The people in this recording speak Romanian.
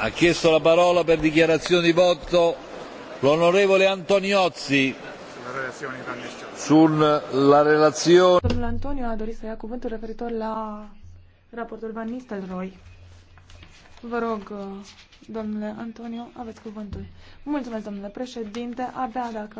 Ha chiesto la parola per dichiarazione di voto l'onorevole Antoniozzi sulla relazione. Domnul Antonio a dorit să ia cuvântul referitor la raportul Van Nistelrooy. Vă rog, domnule Antonio, aveți cuvântul. Mulțumesc, domnule președinte. Abia dacă